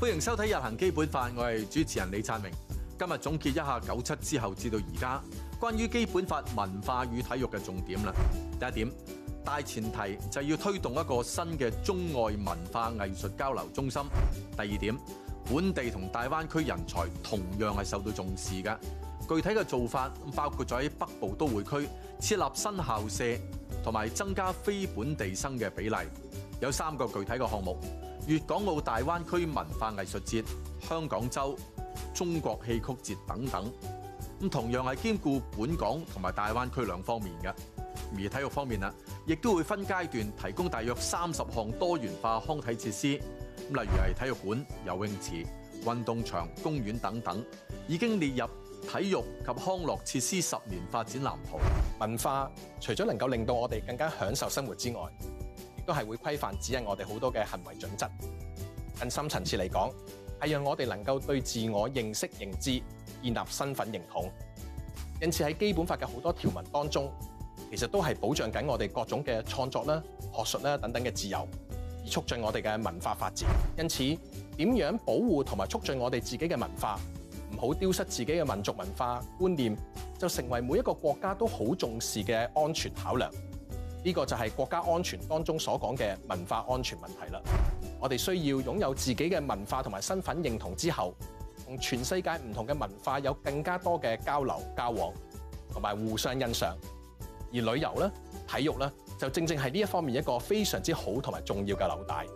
歡迎收睇《日行基本法》，我係主持人李燦明。今日總結一下九七之後至到而家關於基本法文化與體育嘅重點啦。第一點，大前提就要推動一個新嘅中外文化藝術交流中心。第二點，本地同大灣區人才同樣係受到重視嘅。具體嘅做法包括咗喺北部都會區設立新校舍，同埋增加非本地生嘅比例。有三個具體嘅項目：粵港澳大灣區文化藝術節、香港周、中國戲曲節等等。咁同樣係兼顧本港同埋大灣區兩方面嘅。而體育方面啦，亦都會分階段提供大約三十項多元化康體設施，例如係體育館、游泳池、運動場、公園等等，已經列入體育及康樂設施十年發展藍圖。文化除咗能夠令到我哋更加享受生活之外，都係會規範指引我哋好多嘅行為準則。更深層次嚟講，係讓我哋能夠對自我認識認知、建立身份認同。因此喺基本法嘅好多條文當中，其實都係保障緊我哋各種嘅創作啦、學術啦等等嘅自由，而促進我哋嘅文化發展。因此，點樣保護同埋促進我哋自己嘅文化，唔好丟失自己嘅民族文化觀念，就成為每一個國家都好重視嘅安全考量。呢個就係國家安全當中所講嘅文化安全問題啦。我哋需要擁有自己嘅文化同埋身份認同之後，同全世界唔同嘅文化有更加多嘅交流交往，同埋互相欣賞。而旅遊咧、體育咧，就正正係呢一方面一個非常之好同埋重要嘅紐帶。